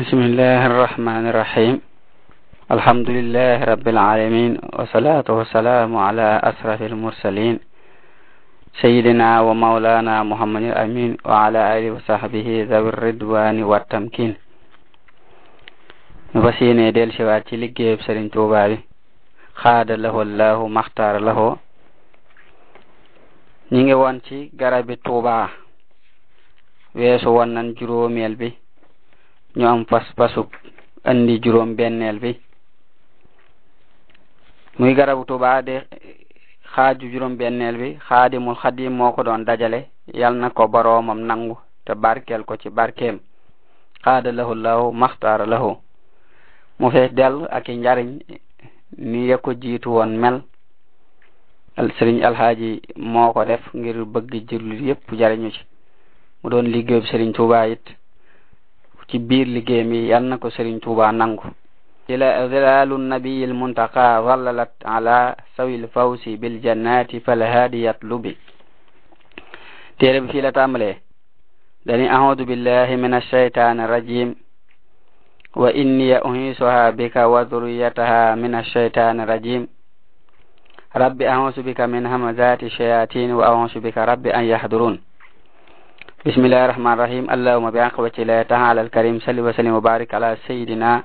بسم الله الرحمن الرحيم الحمد لله رب العالمين والصلاة والسلام على أشرف المرسلين سيدنا ومولانا محمد الأمين وعلى آله وصحبه ذوي الردوان والتمكين نبسينا ديل شواتي لكيب سرين توبالي خاد له الله مختار له نيجي وانتي غرابي توبا ويسو وانن جروميل بي ñu am fas fasuk andi juróom benneel bi muy garabu Tuubaa de juróom benneel bi xaadimul xadim moo ko doon dajale yal na ko boroomam nangu te barkeel ko ci barkeem xaada lahu lahu maxtaara lahu mu fees dell aki njariñ ni ya ko jiitu woon mel al sëriñ alxaaji moo ko def ngir bëgg jullit yépp jariñu ci mu doon liggéeyub sëriñ Tuubaa ci biir liggéey mi yal na ko sëriñ tuuba nangu ila zilalu nabiyi almuntaqa zallalat ala sawi lfawsi biljannati falhaadi yatlubi téere bi fii la tàmbale dani audu billahi min alcheytan rajim wa inni uhisuha bika wa dhurriyataha min alcheytan rajim rabbi ahusu bika min hamazati shayatin wa ahusu bika rabbi an yahdurun بسم الله الرحمن الرحيم اللهم بعقبة الله تعالى الكريم صل وسلم وبارك على سيدنا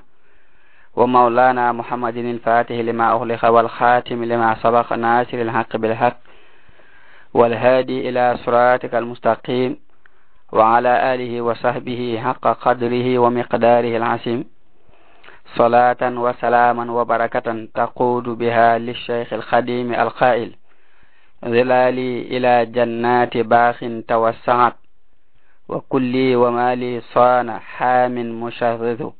ومولانا محمد الفاتح لما أغلق والخاتم لما سبق ناصر الحق بالحق والهادي إلى صراطك المستقيم وعلى آله وصحبه حق قدره ومقداره العظيم صلاة وسلاما وبركة تقود بها للشيخ الخديم القائل ظلالي إلى جنات باخ توسعت وكلي ومالي صان حام مشرد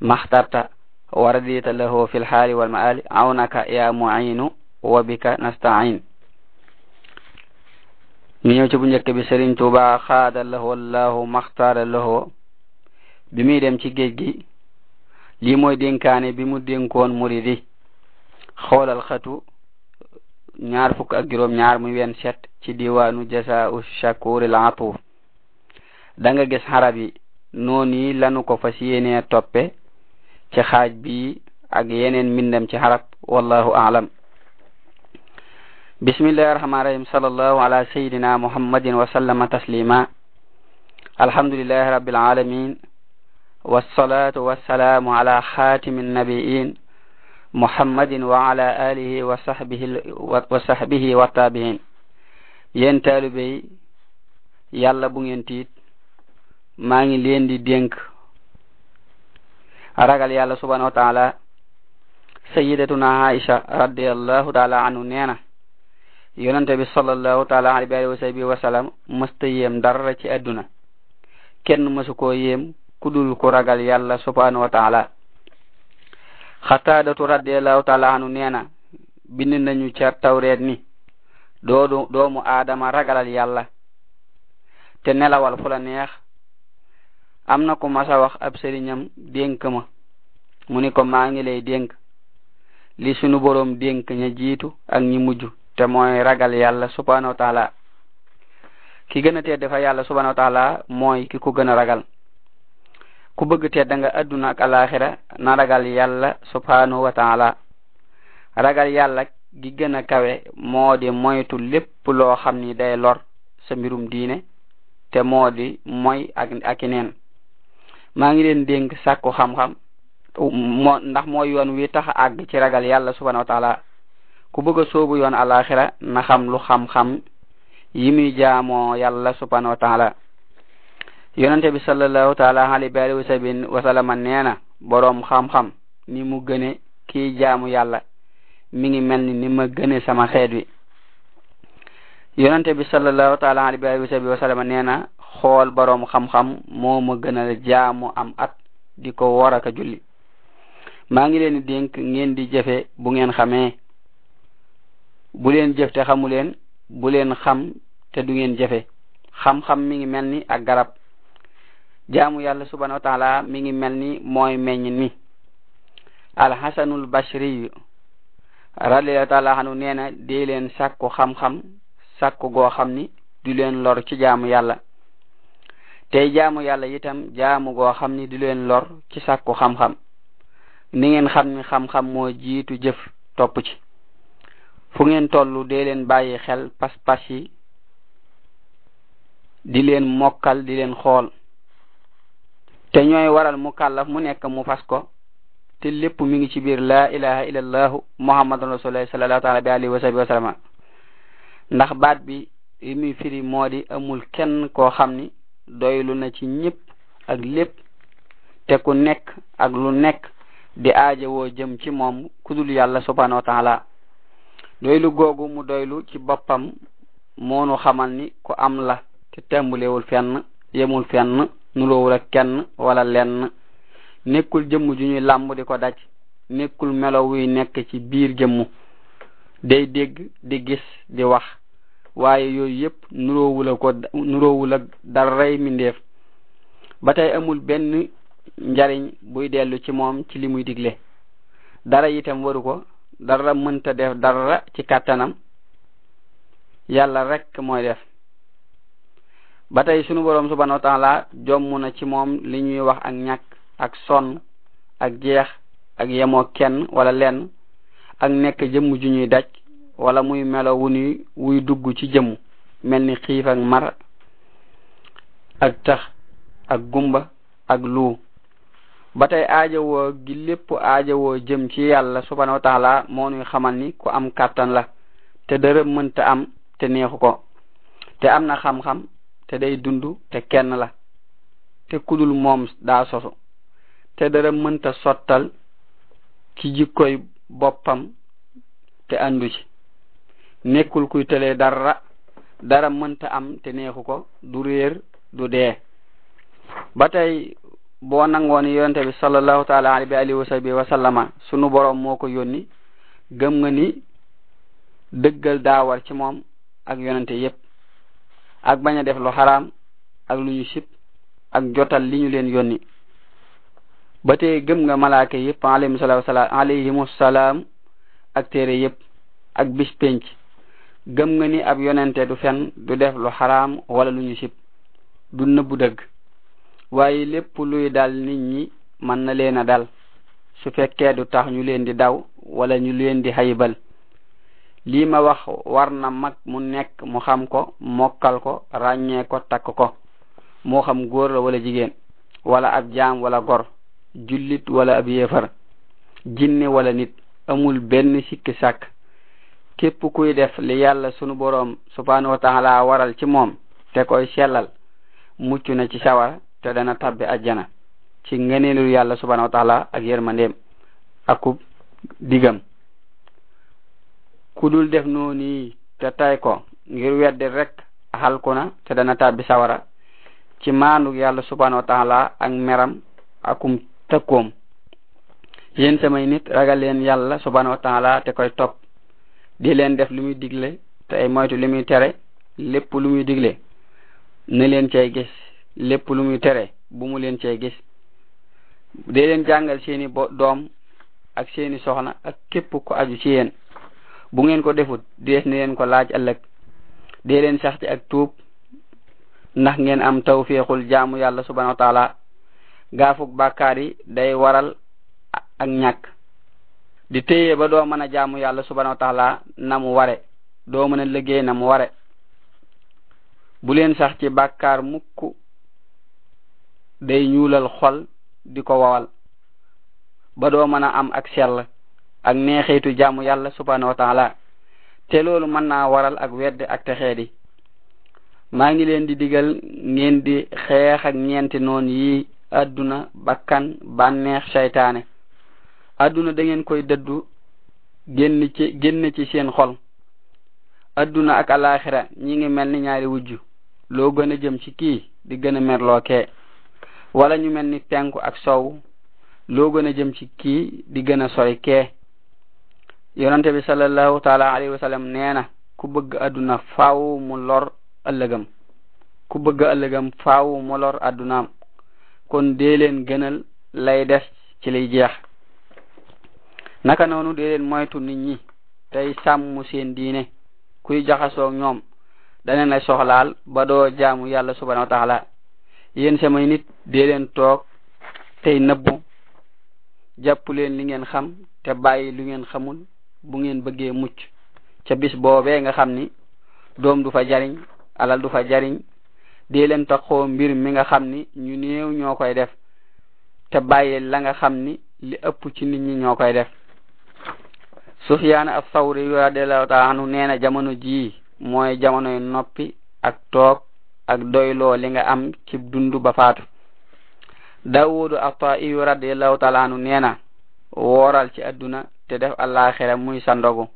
ما اخترت ورديت له في الحال والمآل عونك يا معين وبك نستعين ñu ñëw ci bu njëkk bi sëriñ tuuba xaada lahu allahu maxtaara lahu bi muy dem ci géej gi lii mooy dénkaane bi mu dénkoon muridi xoolal xatu ñaar fukk ak juróom ñaar muy wen set ci diwaanu jasaa'u shakuuril atuuf da nga gis xarab yi noonu lanu ko fas yéenee toppe ci xaaj bi ak yeneen mbindam ci xarab wallahu a'lam bismillahir rahmani rahim sallallahu ala sayidina muhammadin wa sallama taslima alhamdulillahi rabbil alamin والصلاة والسلام على خاتم النبيين محمد وعلى آله وصحبه وصحبه والتابعين ينتالبي يلا بو ngeen tiit maa ngi leen di dénk ragal yàlla subhanahu wa taala sayidatuna aisha radiallahu taala anhu nee na yonente bi salallahu taala alayhi wa sahbihi wa sallam mësta yéem dara ci adduna kenn mësu koo yéem ku dul ku ragal yàlla subhanahu wa taala xataadatu radiallahu taala anhu nee na bind nañu ca tawreet ni doodu doomu aadama ragalal yàlla te nelawal fu la neex am na ku masa wax ab sëriñam dénk ma mu ni ko maa ngi lay dénk li sunu borom dénk ña jiitu ak ñi mujj te mooy ragal yalla subhanahu wa taala ki gën a tedd fa yalla subhanahu wa taala mooy ki ko gën a ragal ku bëgg tedd nga adduna ak alaxira na ragal yalla subhanahu wa taala ragal yalla gi gën a kawe moo di moytu lépp lo xam ni day lor sa mbirum diine te moo di moy ak ak neen maa ngi leen dénk sàkku xam-xam moo ndax mooy yoon wi tax àgg ci ragal yàlla subhanahu wa taala ku bëgg a soobu yoon alaxira na xam lu xam-xam yi muy jaamoo yàlla subhanahu wa taala yonente bi sallallahu taala ali bali wa sabin wasalama nee na boroom xam-xam ni mu gëne kii jaamu yàlla mi ngi mel ni ni ma gëne sama xeet wi yonente bi sallallahu taala ali bali wa sabin wasalama nee na xool borom xam-xam moo ma gënal jaamu am at di ko war aka julli maa ngi leen di dénk ngeen di jafe bu ngeen xamee bu leen jëf te xamu leen bu leen xam te du ngeen jafe. xam-xam mi ngi mel ni ak garab jaamu yàlla subhanahu wa taala mi ngi mel ni mooy meññ mi alxasanul bashri radiallahu taala xanu nee na dee leen sàkku xam-xam sàkku goo xam ni du leen lor ci jaamu yàlla tey jaamu yàlla itam jaamu goo xam ni di leen lor ci sàkku xam-xam ni ngeen xam ni xam-xam moo jiitu jëf topp ci fu ngeen tollu dee leen bàyyi xel pas-pas yi di leen mokkal di leen xool te ñooy waral mu kàllaf mu nekk mu fas ko te lépp mu ngi ci biir la ilaha illallahu muhammadan rasulullah sallallahu taala bi alihi wa sahbi wa sallama ndax baat bi li muy firi moo di amul kenn koo xam ni doylu na ci ñépp ak lépp te ku nekk ak lu nekk di aajowoo jëm ci moom kudul yàlla subhanahu wa doylu googu mu doylu ci boppam moonu xamal ni ku am la te tàmbulewul fenn yemul fenn nuloowul ak kenn walla lenn nekkul jëmm ju ñuy làmb di ko daj nekkul melow wuy nekk ci biir jëmm day dégg di gis di wax waaye yooyu yëpp nuroowul ko nuroowul ak daray mbindéef ba tey amul benn njariñ buy dellu ci moom ci li muy digle dara yitam waru ko dara mënta def dara ci kàttanam yàlla rekk mooy def ba tey sunu boroom subhanahu wa taala na ci moom li ñuy wax ak ñakk ak sonn ak jeex ak yemoo kenn wala lenn ak nekk jëmm ju ñuy daj wala muy melo wu wuy dugg ci jëmm mel ni xiif ak mar ak tax ak gumba ak lu ba tey aajowoo gi lépp aajowoo jëm ci yàlla subana wa taala moo nuy xamal ni ku am kàttan la te dërëm mënta am te neexu ko te am na xam-xam te day dund te kenn la te kudul moom daa sosu te dërëm mënta sottal ci koy boppam te andu ci nekkul kuy tele dara dara mënta am te neexu ko du réer du dee ba tey boo nangoon yonte bi sallallahu taala alayhi wa alihi wa sahbihi sunu borom moo ko yónni gëm nga ni dëggal daawar ci moom ak yonente yépp ak bañ a def lu xaraam ak lu ñu sib ak jotal li ñu leen yónni ba tey gëm nga malaaka yépp alayhim salaam alayhimu salaam ak téere yépp ak bis penc gëm nga ni ab yonente du fen du def lu xaraam wala lu ñu sib du nëbbu dëgg waaye lépp luy dal nit ñi mën na leen a dal su fekkee du tax ñu leen di daw wala ñu leen di xayibal lii ma wax war na mag mu nekk mu xam ko mokkal ko ràññee ko takk ko moo xam góor la wala jigéen walla ab jaam wala gor jullit wala ab yéefar jinne walla nit amul benn sikki sàkk képp kuy def li yàlla sunu boroom subhanahu wa taala waral ci moom te koy sellal mucc na ci sawar te dana tabbi ajjana ci ngeneelu yàlla subhanahu wa taala ak yërmandeem akub digam ku dul def noonu te tay ko ngir weddi rek xalku na te dana tabbi sawara ci maandu yàlla subhanahu wa taala ak meram akum tëkkoom yéen samay nit ragal leen yàlla subhanahu wa taala te koy topp di leen def lu muy digle te tey moytu li muy tere lépp lu muy digle na leen cay gis lépp lu muy tere bu mu leen cay gis dee leen jàngal seeni bo doom ak seeni soxna ak képp ko aju ci yéen bu ngeen ko defut des na leen ko laaj ëllëg dee leen sax ak tuub ndax ngeen am tawféexul jaamu yàlla subhanahu wa taala gaafuk bàkkaar yi day waral ak ñàkk di téye ba doo mën a jaamu yàlla subhanahu wa taala na mu ware doo mën a liggéey na mu ware bu leen sax ci bàkkaar mukk day ñuulal xol di ko wawal ba doo mën a am ak sell ak neexeytu jaamu yàlla subhanahu wa taala te loolu mën naa waral ak wedd ak te xeet yi maa ngi leen di digal ngeen di xeex ak ñeenti noon yi adduna bakkan bànneex cheytaane adduna da ngeen koy dëddu génn ci seen xol adduna ak alaxira ñi ngi mel ni ñaari wujj loo gën a jëm ci kii di gën a merloo kee wala ñu mel ni penku ak sow loo gën a jëm ci kii di gën a sori kee yonente bi sallallahu taala alayhi wa nee na ku bëgg adduna faaw mu lor ëllëgam ku bëgg ëllëgam faaw mu lor addunaam kon dee leen gënal lay des ci lay jeex naka noonu dee leen moytu nit ñi tey sàmm seen diine kuy jaxasoo ñoom daneen la soxlaal ba doo jaamu yàlla subhanahu wa taala yéen samay nit dee leen toog tey nëbbu jàpp leen li ngeen xam te bàyyi lu ngeen xamul bu ngeen bëggee mucc ca bis boobee nga xam ni doom du fa jariñ alal du fa jariñ dee leen taxoo mbir mi nga xam ni ñu néew ñoo koy def te bàyyi la nga xam ni li ëpp ci nit ñi ñoo koy def sufyan as-Sawri radiyallahu ta'ala anhu nee na jamono ji mooy jamono noppi ak toog ak doylo li nga am ci dundu ba faatu dawudu at-Ta'i radiyallahu ta'ala anhu neena woral ci adduna te def al-akhirah muy sa ndogu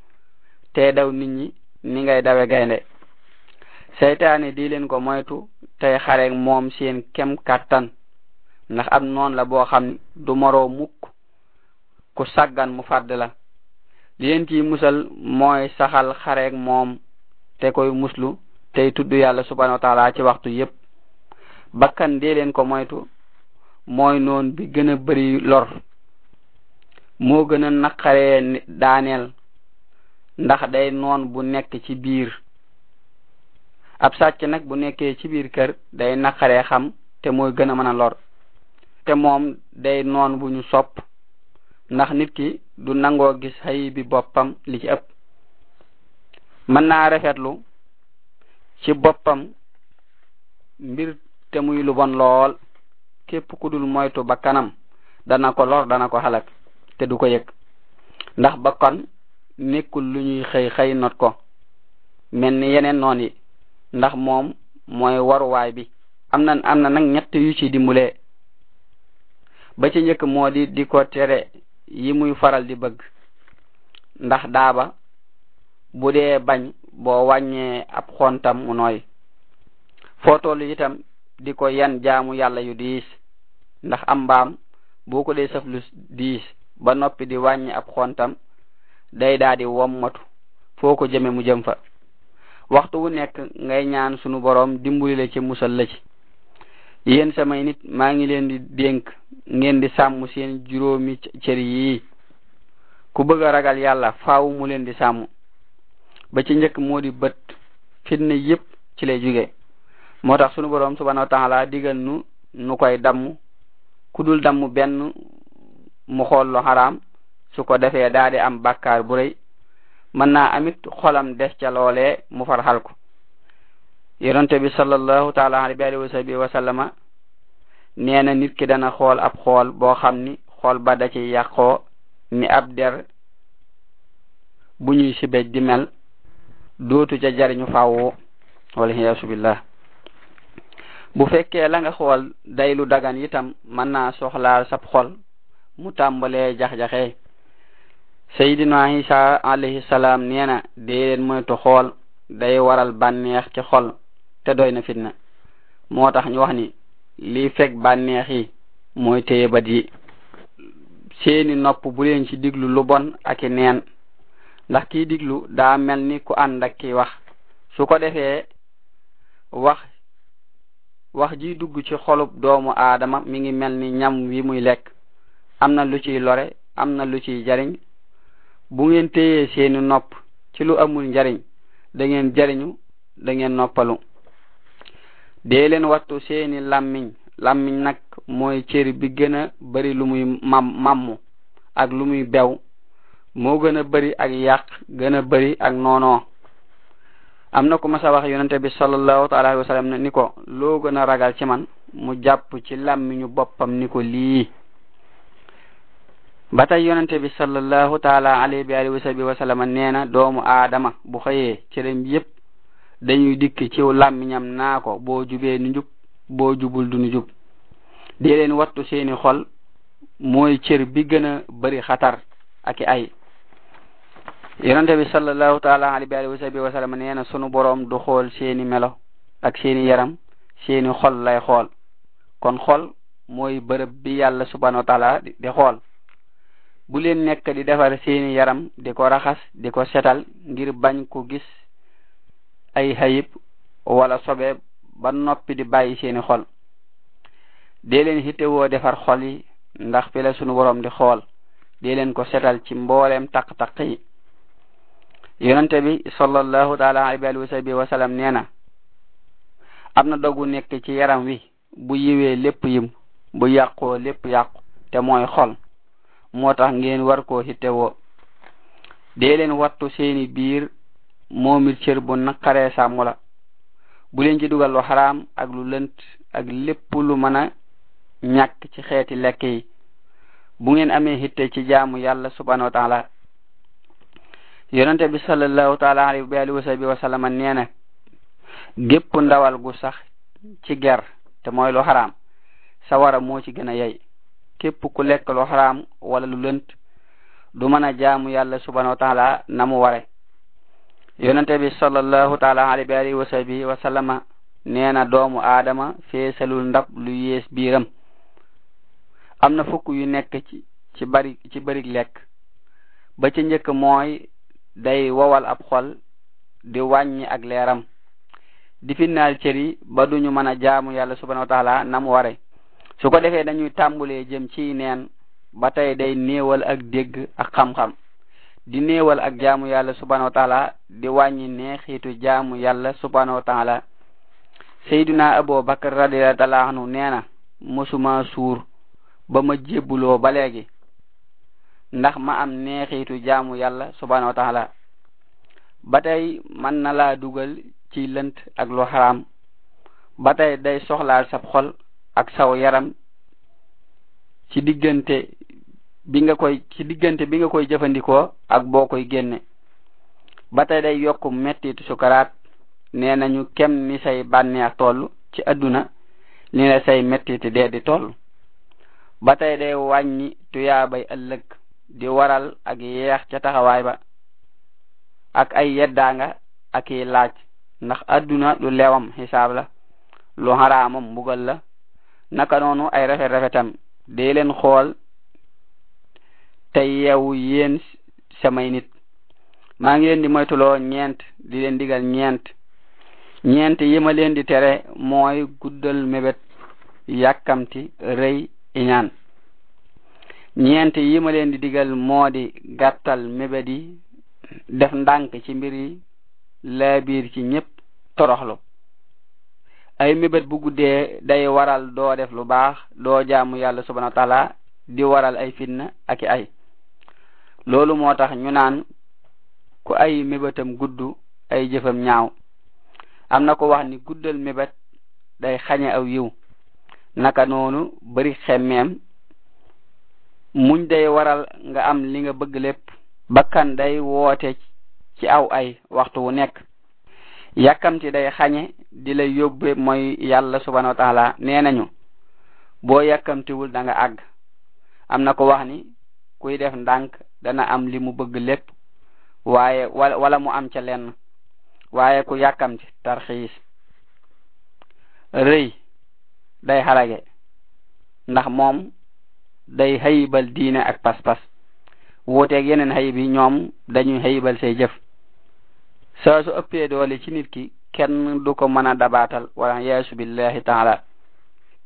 te daw nit ñi ni ngay dawe gaynde seytaane di leen ko moytu xare ak moom seen kem kattan ndax am non la bo xam du moro mukk ku saggan mu fàdd la li leen ciy musal mooy saxal xareeg moom te koy muslu tey tudd yàlla subhanahu wa taala ci waxtu yépp bakkan dee leen ko moytu mooy noon bi gën a bari lor moo gën a naqaree daaneel ndax day noon bu nekk ci biir ab sàcc nag bu nekkee ci biir kër day naqaree xam te mooy gën a mën a lor te moom day noon bu ñu sopp ndax nit ki du nangoo gis xayi bi boppam li ci ëpp mën naa rafetlu ci boppam mbir te muy lu bon lool képp ku dul moytu kanam dana ko lor dana ko xalak te du ko yëg ndax bakkan nekkul lu ñuy xëy xëy not ko mel ni yeneen noon yi ndax moom mooy waruwaay bi am na am na nag ñett yu ci dimbale ba ci njëkk moo di di ko tere yi muy faral di bëgg ndax daaba bu dee bañ boo wàññee ab xontam mu nooy foo toll itam di ko yan jaamu yàlla yu diis ndax am mbaam boo ko dee saflu diis ba noppi di wàññi ab xontam day daa di wommatu foo ko jëme mu jëm fa waxtu wu nekk ngay ñaan sunu borom dimbali la ci musal la ci yen samay nit maa ngi leen di dénk ngeen di sàmm seen juróomi cër yi ku bëgg a ragal yàlla faaw mu leen di sàmm ba ci njëkk moo di bët fitna yépp ci lay juge. moo tax sunu boroom subhanahu wa taala digal nu nu koy damm ku dul damm benn mu xool lu haram su ko defee daa di am bàkkaar bu rëy mën naa amit xolam des ca loolee mu farxal ko yonente bi sallallahu taala alayhi wa alihi sahbihi wa sallama nee nit ki dana xool ab xool boo xam ni xool ba da ci yàqoo ni ab der bu ñuy sibej di mel dootu ca jariñu fàwwoo walhiyasu billah bu fekkee la nga xool day lu dagan itam mën naa soxlaal sab xol mu tàmbalee jax-jaxee sayidina isa alayhi salaam nee na déedéet moytu xool day waral bànneex ci xol te doy na fitna moo tax ñu wax ni lii fekk bànneex yi mooy téye bat yi seeni nopp bu leen ci diglu lu bon ak neen ndax kiy diglu daa mel ni ku ànd ak kiy wax su ko defee wax wax ji dugg ci xolub doomu aadama mi ngi mel ni ñam wi muy lekk am na lu ciy lore am na lu ciy jariñ bu ngeen téyee seeni nopp ci lu amul njariñ da ngeen jariñu da ngeen noppalu dee leen wattu seeni làmmiñ làmmiñ nag mooy cër bi gën a bari lu muy mam mammu ak lu muy bew moo gën a bari ak yàq gën a bari ak noonoo am na ku mas a wax yonente bi sallallahu taala alayhi ni ko loo gën a ragal ci man mu jàpp ci làmmiñu boppam ni ko lii ba tey yonente bi sallallahu taala alayhi wa sallam nee na doomu aadama bu xëyee cëram yépp dañuy dikk ciw làmmiñam naa ko boo jubee nu jub boo jubul du nu jub di leen wattu seeni xol mooy cër bi gën a bari xatar ak i ay yonente bi sallallahu taala alayhi wa sahbihi wa sallam na sunu boroom du xool seeni melo ak seeni yaram seeni xol lay xool kon xol mooy bërëb bi yàlla subhanahu wa taala di xool bu leen nekk di defar seeni yaram di ko raxas di ko setal ngir bañ ko gis ay xayib wala sobe ba noppi di bàyyi seeni xol dee leen xittewoo defar xol yi ndax fi la sunu woroom di xool dee leen ko setal ci mbooleem taq-taq yi yonente bi sallallahu taala alayhi wa sahbihi wa sallam nee na am na dogu nekk ci yaram wi bu yiwee lépp yim bu yàqoo lépp yàqu te mooy xol moo tax ngeen war koo xittewoo dee wattu seeni biir moomil cër bu naqaree samula bu leen ci dugal lu xaraam ak lu lënt ak lépp lu mën a ñàkk ci xeeti lekk yi bu ngeen amee hitte ci jaamu yalla subhanahu wa taala yonente bi salallahu taala alayhi wa alihi wa sahbihi wa sallama nee na gépp ndawal gu sax ci ger te mooy lu xaraam sawara moo ci gën a yey képp ku lekk lu xaraam wala lu lënt du mën a jaamu yàlla subhanahu wa taala namu mu ware yonente bi sallallahu taala alayhi wa alihi wa sallama neena doomu aadama feesalul ndab lu yees biiram am na fukk yu nekk ci ci bari ci bari lekk ba ca njëkk mooy day wowal ab xol di wàññi ak leeram di finnaal cër yi ba duñu mën a jaamu yàlla subhanahu wa taala nam ware su ko defee dañuy tàmbulee jëm ci neen ba tey day néewal ak dégg ak xam-xam di neewal ak jaamu yàlla subhanahu wa taala di wàññi neexitu jaamu yàlla subhanahu wa taala seyduna abu bakar radiallahu taala anhu nee na mosuma suur ba ma jébbuloo ba léegi ndax ma am neexitu jaamu yàlla subhanahu wa taala ba tey man na laa dugal ci lënt ak lu xaraam ba tey day soxlaal sab xol ak saw yaram ci diggante bi nga koy ci diggante bi nga koy jëfandikoo ak boo koy génne ba tey day yokk mettitu sukaraat nee nañu kem ni say bànneex toll ci adduna ni la say mettiti dee di toll ba tey day wàññi tuyaabay ëllëg di waral ak yeex ca taxawaay ba ak ay yeddaanga ak i laaj ndax adduna lu lewam xisaab la lu xaraamam mbugal la naka noonu ay rafet rafetam dee leen xool te yeewu yeen samay nit maa ngi leen di moytuloo ñeent di leen digal ñeent ñeent yi ma leen di tere mooy guddal mebet yàkkamti rëy iñaan ñeent yi ma leen di digal moo di gàttal yi def ndànk ci mbir yi laabiir ci ñépp toroxlu ay mebet bu guddee day waral doo def lu baax doo jaamu yàlla subhanahu wa taala di waral ay fitna ak ay loolu moo tax ñu naan ku ay mébatam gudd ay jëfam ñaaw am na ko wax ni guddal mébat day xañe aw yiw naka noonu bari xemmeem muñ day waral nga am li nga bëgg lépp bakkan day woote ci aw ay waxtu wu nekk yàkkamti day xañe di lay yóbbe mooy yàlla subhanahu wa taala nee nañu boo yàkkamtiwul da nga àgg am na ko wax ni kuy def ndànk dana am li mu bëgg lépp waaye wala mu am ca lenn waaye ku yàkkamti tarxiis rëy day xalage ndax moom day xayibal diine ak pas-pas wuuteeg yeneen xayib yi ñoom dañuy xayibal say jëf saa su ëppee doole ci nit ki kenn du ko mën a dabaatal wala yaasu billahi taala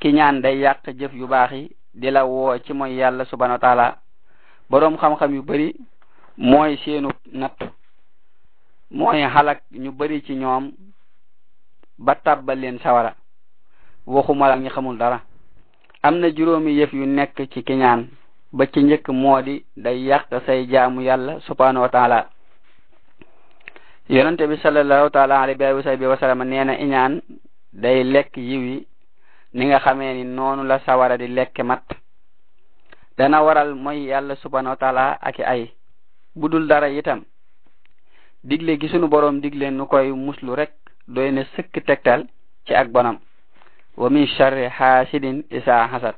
ki ñaan day yàq jëf yu baax yi di la woo ci mooy yàlla subhanahu wa taala boroom xam-xam yu bari mooy seenu natt mooy xalak ñu bari ci ñoom ba tàbbal leen sawara waxuma la ñu xamul dara am na juróomi yëf yu nekk ci kiñaan ba ci njëkk moo di day yàq say jaamu yàlla subhanahu wa taala yonente bi salallahu taala alayhi wa sahbihi wa sallam neena iñaan day lekk yiwi ni nga xamee ni noonu la sawara di lekke mat dana waral mooy yalla subhanahu wa taala ak ay budul dara itam digle gi sunu borom digle nukoy koy muslu rek doyna sekk tektal ci ak bonam wa min sharri hasidin isa hasad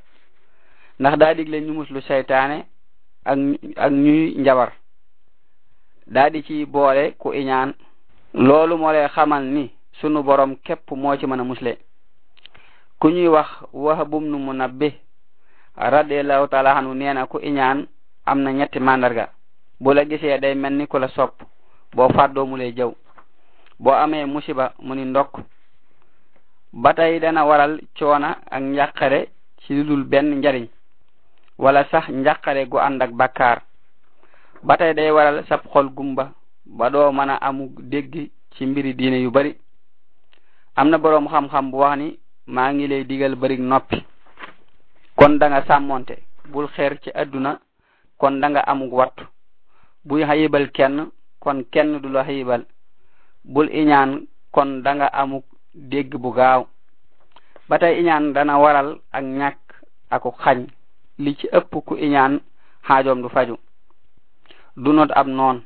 ndax daa digle ñu muslu shaytané ak ak ñuy njabar daa di ci boole ku iñaan loolu moo lay xamal ni sunu borom képp moo ci mën a musle ku ñuy wax Wahb ibn Munabbih radiallahu taala hanu nee na ku iñaan am na ñetti mandarga. bu la gisee day mel ni ku la sopp boo fàddoo mu lay jëw boo amee musiba mu ni ndokk ba tey dana waral coona ak njàqare ci lu dul benn njariñ wala sax njàqare gu ànd ak bakkaar ba tey day waral sab xol gumba ba doo mën a amu dégg ci mbiri diine yu bari am na boroom xam-xam bu wax ni maa ngi lay digal bëri noppi kon da nga sàmmonte bul xeer ci aduna kon da nga amug wattu bu hayibal kenn kon kenn du la hayibal bul iñaan kon da nga amug deg bu gaaw ba tey iñaan dana waral ak ñak ak xagn li ci ëpp ku iñaan xaajoom du faju du not ab noon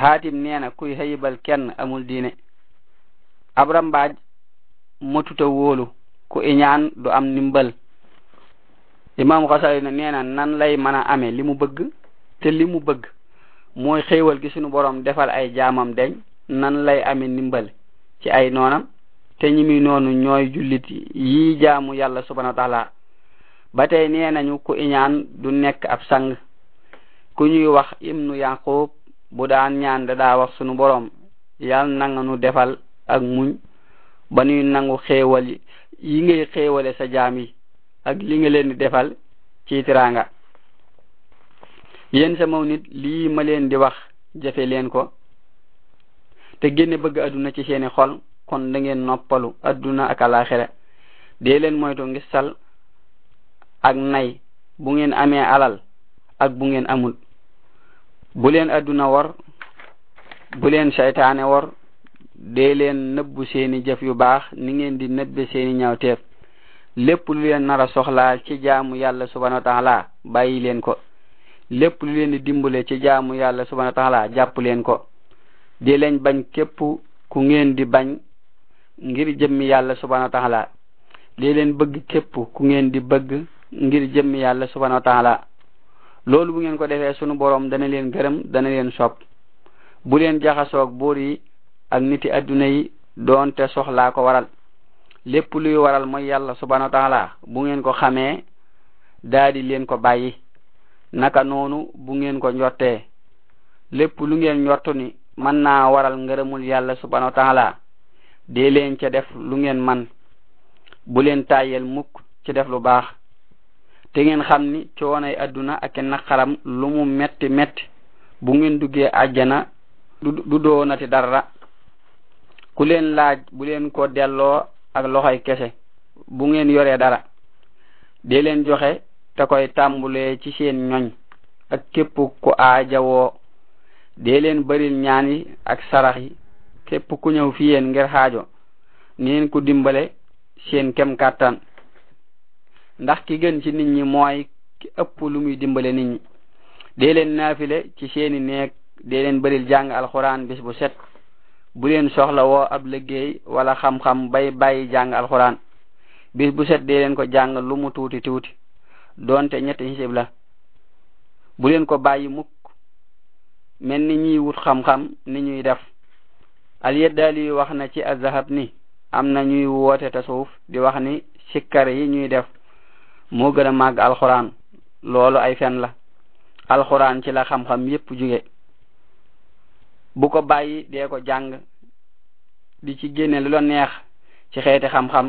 xaatim neena na kuy xayibal kenn amul diine abram mbaaj matuta wóolu ku iñaan du am nimbal. imam Xasali ne nee na nan lay mën a amee li mu bëgg te li mu bëgg mooy xéewal gi suñu borom defal ay jaamam deñ nan lay amee ndimbal ci ay noonam te ñi muy noonu ñooy jullit yi jaamu yàlla subhanahu wa taala ba tey nee nañu ku iñaan du nekk ab sang ku ñuy wax ibnu yaqub bu daan ñaan da daa wax sunu borom yàlla nanga nu defal ak muñ ba nuy nangu xéewal yi ngay xéewale sa jaam yi ak li nga leen di defal ci tiranga yéen sama nit lii ma leen di wax jafe leen ko te génne bëgg aduna ci seeni xol kon da ngeen noppalu aduna ak alaxira dee leen moytu ngi sal ak nay bu ngeen alal ak bu ngeen amul bu leen aduna war bu leen saytaane war dee leen nëbbu seeni jëf yu baax ni ngeen di nëbbe seeni ñaawteef lépp lu leen nar a soxlaa ci jaamu yàlla subhanahu wa taala bàyyi leen ko lépp lu leen di dimbale ci jaamu yàlla subhanahu wa taala jàpp leen ko di leen bañ képp ku ngeen di bañ ngir jëmmi yàlla subhanahu wa taala di leen bëgg képp ku ngeen di bëgg ngir jëmmi yàlla subhanahu wa taala loolu bu ngeen ko defee sunu borom dana leen gërëm dana leen sopp bu leen jaxasoog buur yi ak niti adduna yi doonte soxlaa ko waral lépp luy waral mooy yàlla subhanahu wa taala bu ngeen ko xamee daadi leen ko bàyyi naka noonu bu ngeen ko njottee lépp lu ngeen njortu ni mën naa waral ngërëmul yàlla subhanahu wa taala dee leen ca def lu ngeen man bu leen tàyyel mukk ci def lu baax te ngeen xam ni coonay adduna ak naqaram lu mu metti metti bu ngeen duggee àjjana du doonati dara ku leen laaj bu leen ko delloo ak loxoy kese bu ngeen yoree dara dee leen joxe te koy tambule ci seen ñoñ ak képp ku aajawo dee leen bëril ñaan yi ak sarax yi képp ku ñëw fi yéen ngir xaajo neen ku dimbale seen kem kàttan ndax ki gën ci nit ñi mooy ki ëpp lu muy dimbale nit ñi dee leen naafile ci seeni néeg dee leen bëril jàng alxuraan bis bu set bu leen soxla woo ab liggéey wala xam-xam bay bàyyi jàng alxuraan bis bu set dee leen ko jàng lu mu tuuti tuuti doonte ñetti hisib la bu leen ko bàyyi mukk mel ni ñuy wut xam-xam ni ñuy def al yeddaali wax na ci azahab ni am na ñuy woote tasawuf di wax ni sikkar yi ñuy def moo gën a màgg alxuraan loolu ay fen la alxuraan ci la xam-xam yépp jóge bu ko bàyyi dee ko jàng di ci génne lu la neex ci xeeti xam-xam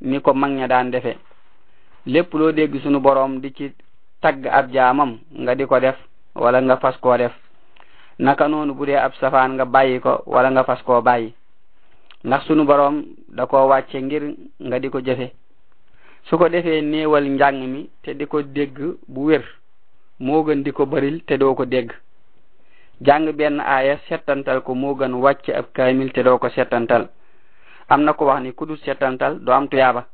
ni ko mag ña daan defe lépp loo dégg sunu boroom di ci tagg ab jaamam nga di ko def wala nga fas koo def naka noonu bu dee ab safaan nga bàyyi ko wala nga fas koo bàyyi ndax sunu boroom da koo wàcce ngir nga di ko jëfe su ko defee néewal njàng mi te di ko dégg bu wér moo gën di ko baril te doo ko dégg jang ben aya setantal ko moo gën wàcc ab kaamil te do ko setantal am na ko wax ni kudu setantal settantal doo am tuyaaba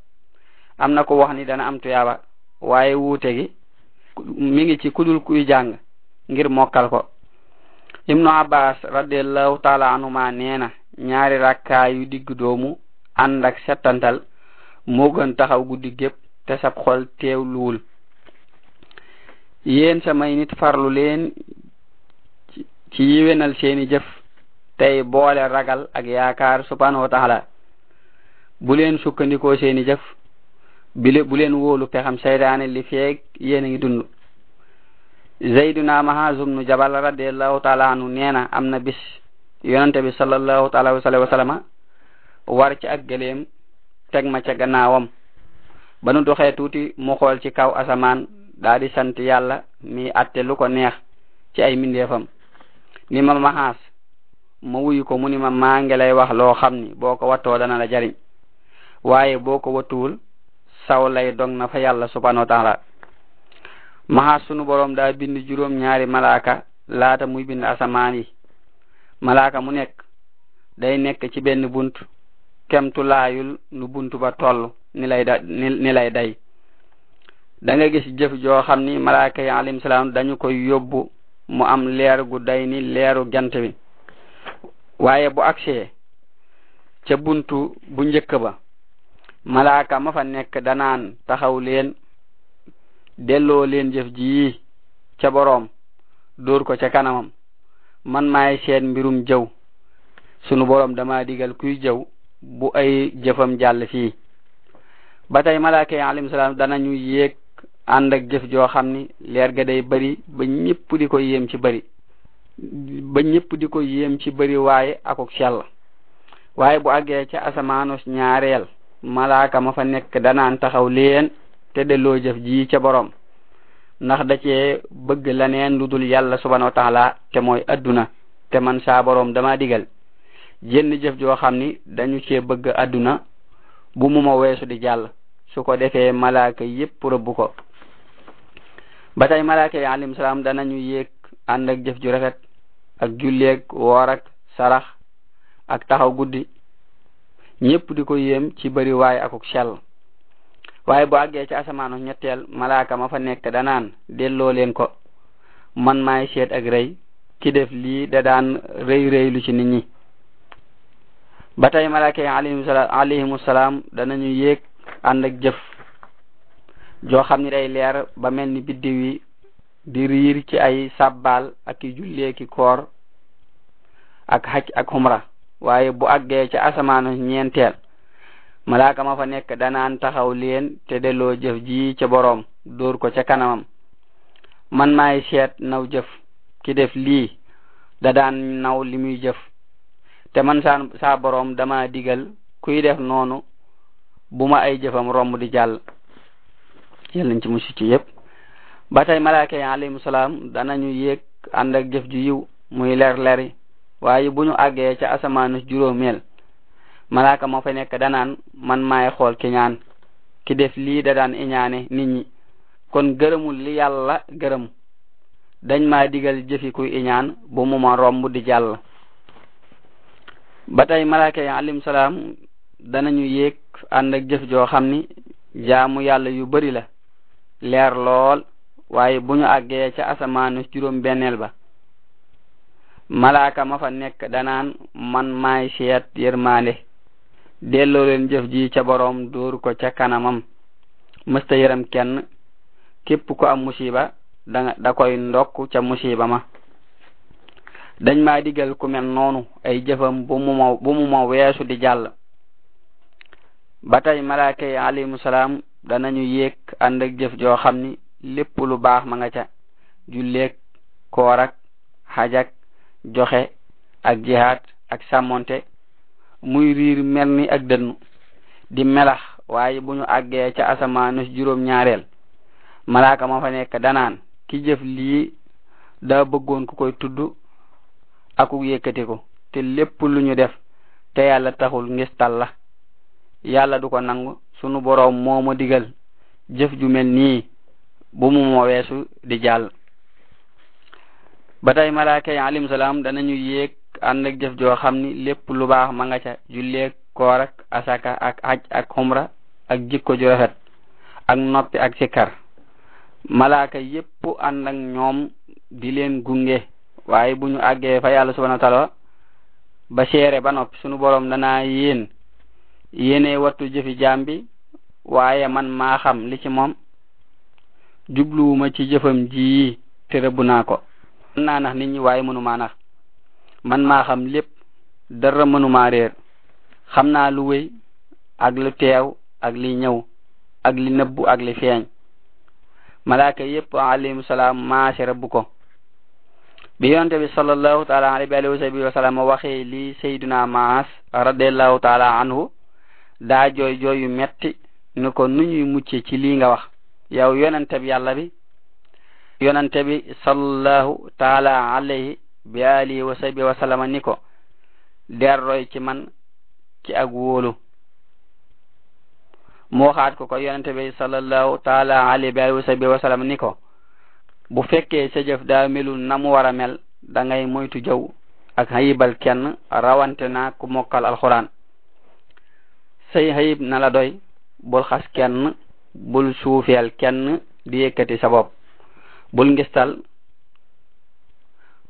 am na ko wax ni dana am tuyaaba waye wute gi mi ngi ci kudul kuy jang ngir mokal ko ibnu abbas radiallahu taala anhuma nee na ñaari rakkaa yu digg doomu ànd ak settantal moo gën taxaw guddi gépp te sab xol teewluwul yéen samay nit farlu leen ci yiwenal seeni jëf tey boole ragal ak yaakaar subhanahu wa taala bu leen sukkandikoo seeni jëf bile bu leen wóolu pexam seytaane li feeg yéen a ngi dund zayduna mahazum nu jabal radiallahu taala anu nee na am na bis yonante bi sallallahu taala wa sallama war ci ak gëleem teg ma ca gannaawam ba nu doxee tuuti mu xool ci kaw asamaan daa di sant yàlla mi atte lu ko neex ci ay mindeefam ni ma ma ma wuyu ko mu ni ma maa ngi lay wax loo xam ni boo ko wattoo dana la jariñ waaye boo ko wattuwul saw lay dog na fa yàlla subhanahu wa taala maxaas sunu boroom daa bind juróom ñaari malaaka laata muy bind asamaan yi malaaka mu nekk day nekk ci benn bunt kemtu laayul nu bunt ba toll ni lay da ni lay day da nga gis jëf joo xam ni malaaka yi alayhi salaam dañu koy yóbbu mu am leer gu day ni leeru jant bi waaye bu agsee ca buntu bu njëkk ba malaaka ma fa nekk danaan taxaw leen delloo leen jëf ji yi ca boroom dóor ko ca kanamam man maay seen mbirum jëw sunu boroom dama digal kuy jëw bu ay jëfam jàll fii ba tey malaaka yi alayhi salaam danañu yéeg ànd jëf joo xam ni leer ga day bari ba ñëpp di ko yéem ci bari ba ñëpp di ko yéem ci bari waaye akuk sell waaye bu àggee ca asamaanus ñaareel malaaka ma fa nekk danaan taxaw leen te delloo jëf jii ca borom ndax da cee bëgg la neen lu dul yàlla subhanahu wa taala te mooy adduna te man saa dama digal jenn jëf joo xam ni dañu cee bëgg adduna bu mu ma weesu di jàll su ko defee malaaka yépp rëbb ko ba tey malaaka yi alayhim salaam danañu yéeg ànd ak jëf ju rafet ak julleeg woor ak sarax ak taxaw guddi ñépp di ko yéem ci bari waay akuk sell waaye bu àggee ci asamaanu ñetteel malaaka ma fa nekk danaan delloo leen ko man maay seet ak ki def lii da daan rëy rëy lu ci nit ñi ba tey malaaka yi alayhimu salaam danañu yéeg ànd ak jëf jo xam ni day leer ba melni ni wi di riir ci ay sabbal ak julle ki koor ak xaj ak humra waaye bu àggee ca asamaanu ñeenteel malaaka ma fa nekk danaan taxaw leen te delloo jëf ji ca boroom dóor ko ca kanamam man maay seet naw jëf ki def lii da daan naw li muy jëf te man saa saa boroom dama digal kuy def noonu bu ma ay jëfam romb di jàll yàlla nañ ci mucc ci yépp ba tey malaaka yi alayhimu salaam danañu yéeg ànd ak jëf ju yiw muy leer leeri waaye bu ñu àggee ca asamaanu juróomeel malaaka moo fa nekk danaan man may xool ki ñaan ki def lii da daan iñaane nit ñi kon gërëmul li yàlla gërëm dañ maa digal jëfi kuy iñaan bu mu ma romb di jàll ba tey malaaka yi alayhimu salaam danañu yéeg ànd ak jëf joo xam ni jaamu yàlla yu bari la leer lool waaye bu ñu àggee ca asamaanu juróom benneel ba malaaka ma fa nekk danaan man maay seet yërmaande delloo leen jëf ji ca boroom dóor ko ca kanamam mësta yaram kenn képp ko am musiba da da koy ndokk ca musiba ma dañ ma digal ku mel noonu ay jëfam bu mu ma bu mu ma weesu di jàll ba tey malaaka yi salaam danañu yek and ak jëf joo xam ni lépp lu baax ma nga ca julleeg koor ak hajak joxe ak jihaat ak sàmmonte muy riir mel ni ak dënnu di melax waaye bu ñu àggee ca asamaanus juróom ñaareel malaaka ma fa nekk danaan ki jëf lii da bëggoon ku koy tudd aku yëkkati ko te lépp lu ñu def te yàlla taxul ngis tal la yàlla du ko nangu sunu borom moo ma digal jëf ju mel nii bu mu ma weesu di jall ba tey malaaka yi alim salaam danañu yéeg ànd ak jëf jo xam ni lépp lu baax ma nga ca julleeg koor ak asaka ak aj ak xumra ak jikko ju rafet ak noppi ak sikkar malaaka yépp ànd ak ñoom di leen gunge waaye bu ñu àggee fa yàlla subhanahu wa taala ba seere ba noppi sunu borom danaa yéen yéene wattu jëfi jaam bi waaye man maa li ci moom jubluwuma ci jëfam ji te rëbb naa ko mën naa nax nit ñi waaye mënumaa nax man maa xam lépp dara mënumaa réer xam naa lu wéy ak lu teew ak li ñëw ak li nëbbu ak li feeñ malaaka yépp alayhimu salaam maase rëbb ko bi yonte bi sallallahu taala alayhi wa sallam waxee li sayduna maas radiallahu taala anhu daa jooy jooy yu metti ni ko nu ñuy mucce ci lii nga wax yow yonante bi yàlla bi yonante bi sallahu taala alayhi bi alihi wa sahbi wa sallama ni ko der roy ci man ci ak wóolu mu waxaat ko ko yonante bi sallahu taala alayhi bi alihi wa sahbi wa sallama ni ko bu fekkee sa jëf daa melu na mu war a mel da ngay moytu jëw ak hayibal kenn rawante naa ku mokkal alxuraan say xayib na la doy bul xas kenn bul suufeel kenn di yëkkati sa bopp bul ngistal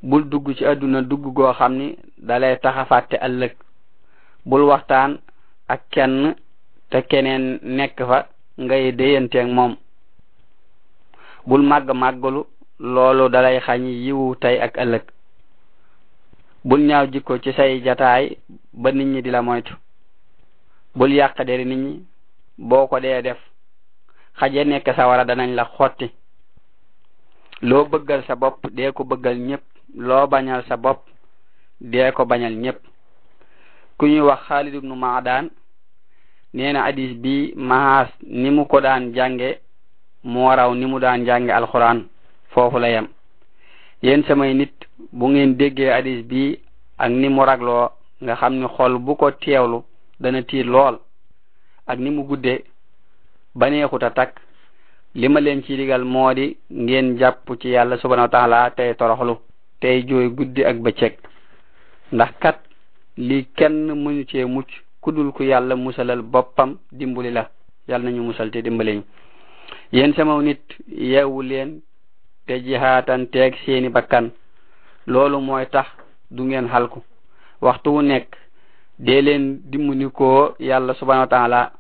bul dugg ci àdduna dugg goo xam ni dalay taxafatte fàtte ëllëg bul waxtaan ak kenn te keneen nekk fa ngay déyanteeg moom bul màgg màggalu loolu dalay xañ yiwu tey ak ëllëg bul ñaaw jikko ci say jataay ba nit ñi di la moytu bul yàq deri nit ñi boo ko dee def xaje nekk sawara danañ la xotti loo bëggal sa bopp dee ko bëggal ñëpp loo bañal sa bopp dee ko bañal ñëpp ku ñuy wax Xaalid ibnu Maadaan nee na hadis bi mahaas ni mu ko daan jànge moo raw ni mu daan jànge alxuraan foofu la yem yéen samay nit bu ngeen déggee hadis bi ak ni mu ragloo nga xam ni xol bu ko teewlu dana tiit lool ak ni mu guddee ba neexut a takk li ma leen ci digal moo di ngeen jàpp ci yàlla subhanahu wa taala tey toroxlu tey jooy guddi ak bëccëg ndax kat li kenn mënu cee mucc kudul ku yàlla musalal boppam dimbali la yàlla nañu musal te dimbali ñu yéen samaw nit yeewu leen te jihaatan teeg seeni bakkan loolu mooy tax du ngeen xalku waxtu wu nekk dee leen dimbali ko yàlla subhanahu wa taala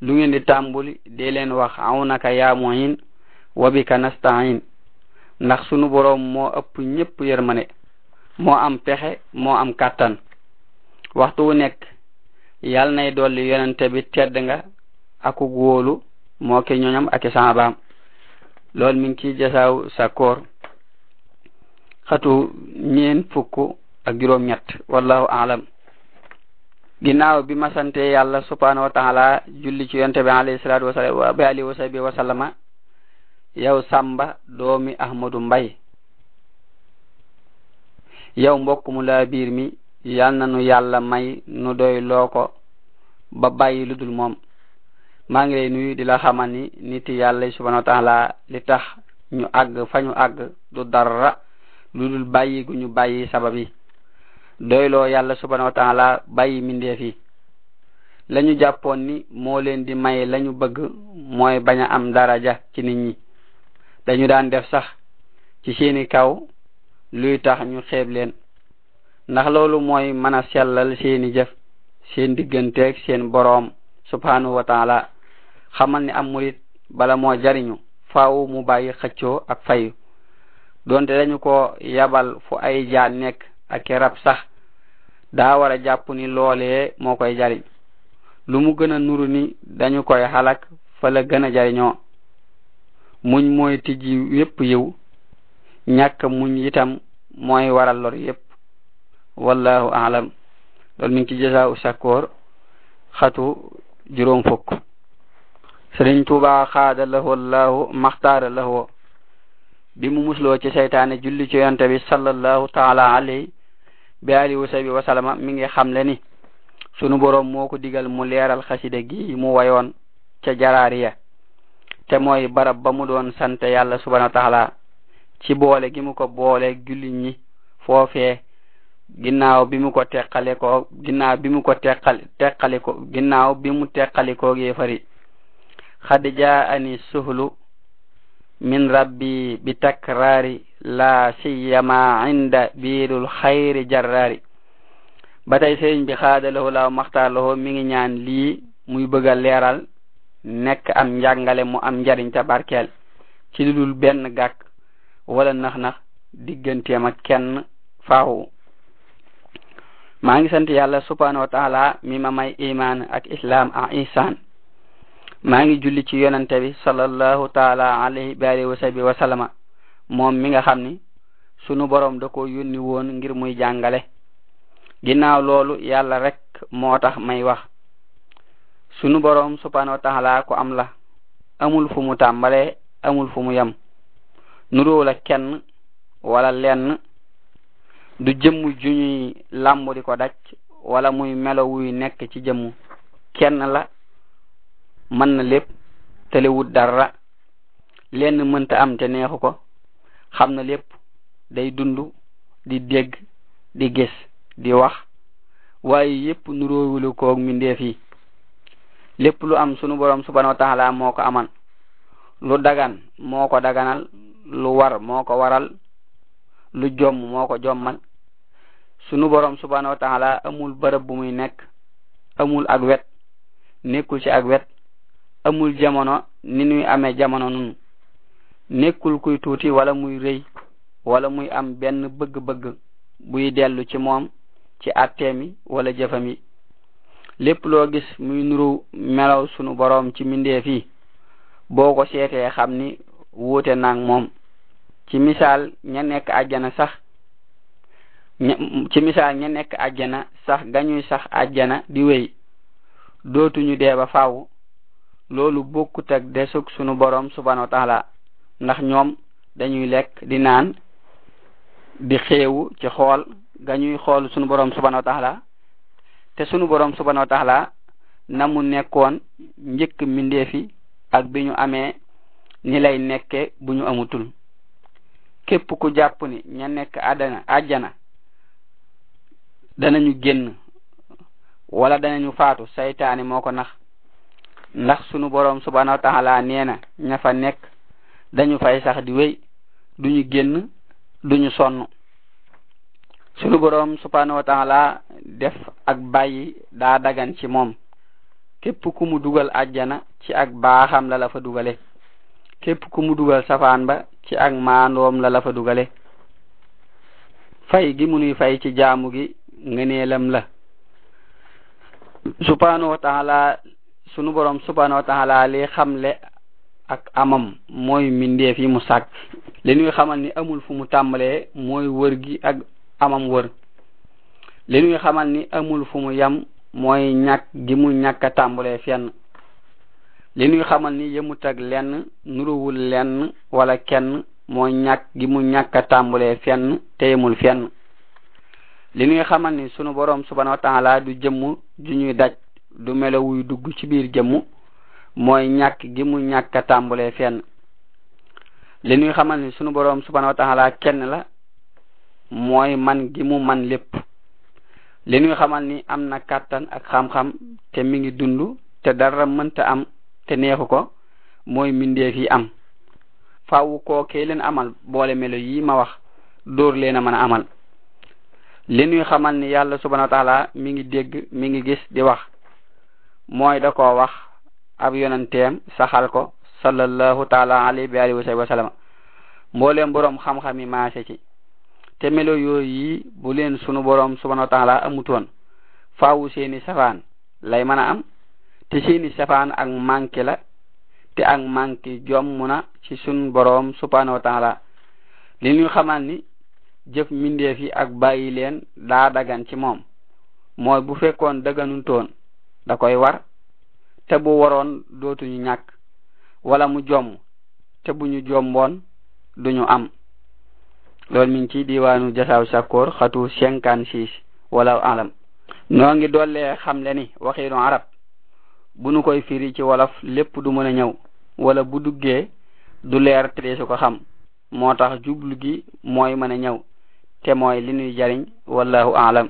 lu ngeen di tàmbuli dee leen wax aw naka yaa muin wa bika nastain ndax sunu boroom moo ëpp ñépp yërmane moo am pexe moo am kàttan waxtu wu nekk yàlla nay dolli yonente bi tedd nga aku góolu moo ki ñoñam ak saabaam loolu mi ngi ci jasaaw sa koor xatu ñeen fukk ak juróom ñett wallahu alam ginnaaw bi masante yàlla subhanahu wa taala julli ci yonte bi alayhi salatu wasalam bi alihi wasabi wasalama yow samba doomi ahmadu mbay yow mbokk mu laa biir mi yal nanu yàlla may nu doy loo ko ba bàyyi lu dul moom maa ngi lay nuyu di la xamal ni nit yàlla subhanahu wa taala li tax ñu àgg fa ñu àgg du dara lu dul bàyyi gu ñu bàyyi sabab yi doyloo yàlla subhanahu wa taala bàyyi mindeef yi la jàppoon ni moo leen di maye lañu bëgg mooy bañ a am daraja ci nit ñi dañu daan def sax ci seeni kaw luy tax ñu xeeb leen ndax loolu mooy mën a sellal seeni jëf seen digganteeg seen boroom subhanahu wa taala xamal ni am murit bala moo jariñu faaw mu bàyyi xëccoo ak fay donte dañu ko yabal fu ay jaan nekk ak rab sax daa wara a ni loolee moo koy jariñ lu mu gën a nuru ni dañu koy xalak fa la gën a jariñoo muñ mooy tijji yépp yiw ñàkk muñ itam mooy waral lor yépp wallahu alam loolu mi ngi ci jasaau sakoor xatu juróom fukk sëriñ tuuba xaada lahoo laahu maxtaara lahu. bi mu muslo ci seytaane julli ci yonte bi sallallahu taala alayhi bi ali wa wa salama mi ngi xamle ni sunu borom moko digal mu leral xasida gi mu wayon ca jaraariya te moy barab ba mu don sante yalla subhanahu wa taala ci boole gi mu ko boole jullit ñi foofee ginnaaw bi mu ko tekkale ko ginnaw bi mu ko tekkal tekkale ko ginnaw bi mu tekkale ko ge fari khadija ani suhlu min rabbi بتكرار لا سيما عند بير الخير جرار ba tey sëriñ bi xaadaloo laaw maxtaarloo mi ngi ñaan lii muy bëgg a leeral nekk am njangale mu am njariñ te ci dul benn wala nax-nax digganteem ak kenn maa ngi sant yàlla subhanahu wa taala mi ma may iman ak islam ak isan. maa ngi julli ci yonante bi salallahu taala alayhi wa alihi wa sahbi wa salama moom mi nga xam ni sunu borom da ko yónni woon ngir muy jàngale ginnaaw loolu yàlla rek moo tax may wax sunu borom subhanahu wa taala ko am la amul fu mu tàmbale amul fu mu yam nuroo la kenn wala lenn du jëmm ju ñuy làmb di ko daj wala muy melowuy nekk ci jëmm kenn la man na lépp telewut dara lenn mënta am te neexu ko xam na lépp day dund di dégg di gis di wax waaye yépp nuroowulu koog mindeef yi lépp lu am sunu borom subhanahu wa taala moo ko aman lu dagan moo ko daganal lu war moo waral lu jom moo ko sunu borom subhanahu wa taala amul bërëb bu muy nekk amul ak wet nekkul ci ak wet amul jamono ni nuy amee jamono nun nekkul kuy tuuti wala muy rëy wala muy am benn bëgg-bëgg buy dellu ci moom ci atteemi wala jëfam lépp loo gis muy nuru melaw sunu boroom ci mbindeef yi boo ko seetee xam ni wuute nag moom ci misaal ña nekk àjjana sax ci misaal ña nekk àjjana sax gañuy sax àjjana di wéy dootuñu dee ba faw loolu bokkut ak desug sunu borom subana wa ndax ñoom dañuy lekk di naan di xéewu ci xool ga ñuy xool sunu borom subana wa taala te sunu borom subhanahu wa taala na mu nekkoon njëkk mbindeefi ak bi ñu amee ni lay nekke bu ñu amatul képp ku jàpp ni ña nekk àddana àjjana danañu génn wala danañu faatu saytaane moo ko nax ndax sunu borom subhanahu wa taala neena ña fa nekk dañu fay sax di wey duñu genn duñu sonn sunu borom subhanahu wa taala def ak bayyi da dagan ci moom kep ku mu dugal aljana ci ak baaxam la la fa dugale kep ku mu dugal safaan ba ci ak maandoom la la fa dugale fay gi mu nuy fay ci jaamu gi ngeneelam la subhanahu wa taala sunu borom subhanahu wa taala li xamle ak amam mooy mbindeef fi mu sàkk li ñuy xamal ni amul fu mu tàmbalee mooy wër gi ak amam wër li ñuy xamal ni amul fu mu yam mooy ñàkk gi mu ñàkk a fenn li ñuy xamal ni yëmut ak lenn nuruwul lenn wala kenn mooy ñàkk gi mu ñàkk a fenn te yemul fenn li ñuy xamal ni sunu borom subhanahu wa taala du jëmm ju ñuy daj du melo wuy dugg ci biir jëmm mooy ñàkk gi mu ñàkk a tàmbulee fenn li ñuy xamal ni sunu boroom subhanahu wa taala kenn la mooy man gi mu man lépp li ñuy xamal ni am na kàttan ak xam-xam te mi ngi dund te dara mënta am te neexu ko mooy mbindeef yi am ko kookee leen amal boole melo yi ma wax dóor leen a mën a amal li ñuy xamal ni yàlla subhanahu wa taala ngi dégg mi ngi gis di wax mooy da koo wax ab yonanteem saxal ko sallallahu taala alayhi bi alihi wa sahbihi wasallam mbolem borom xam xam yi maase ci te melo yooyu yi bu leen sunu borom subhanahu wa taala amutoon faaw seeni safaan lay mën a am te seeni safaan ak manke la te ak manke jom muna ci sun borom subhanahu wa taala li ñu xamal ni jëf mindee fi ak bàyyi leen daa dagan ci moom mooy bu fekkoon daganuntoon toon da koy war te bu waroon dootuñu ñàkk wala mu jom te bu ñu jomboon duñu am loolu mi ngi ci diwaanu jasaaw sakkoor xatu 56 wala alam noo ngi dollee xam le ni waxiinu arab bu nu koy firi ci wolof lépp du mën a ñëw wala bu duggee du leer te su ko xam moo tax jublu gi mooy mën a ñëw te mooy li nuy jariñ wallahu alam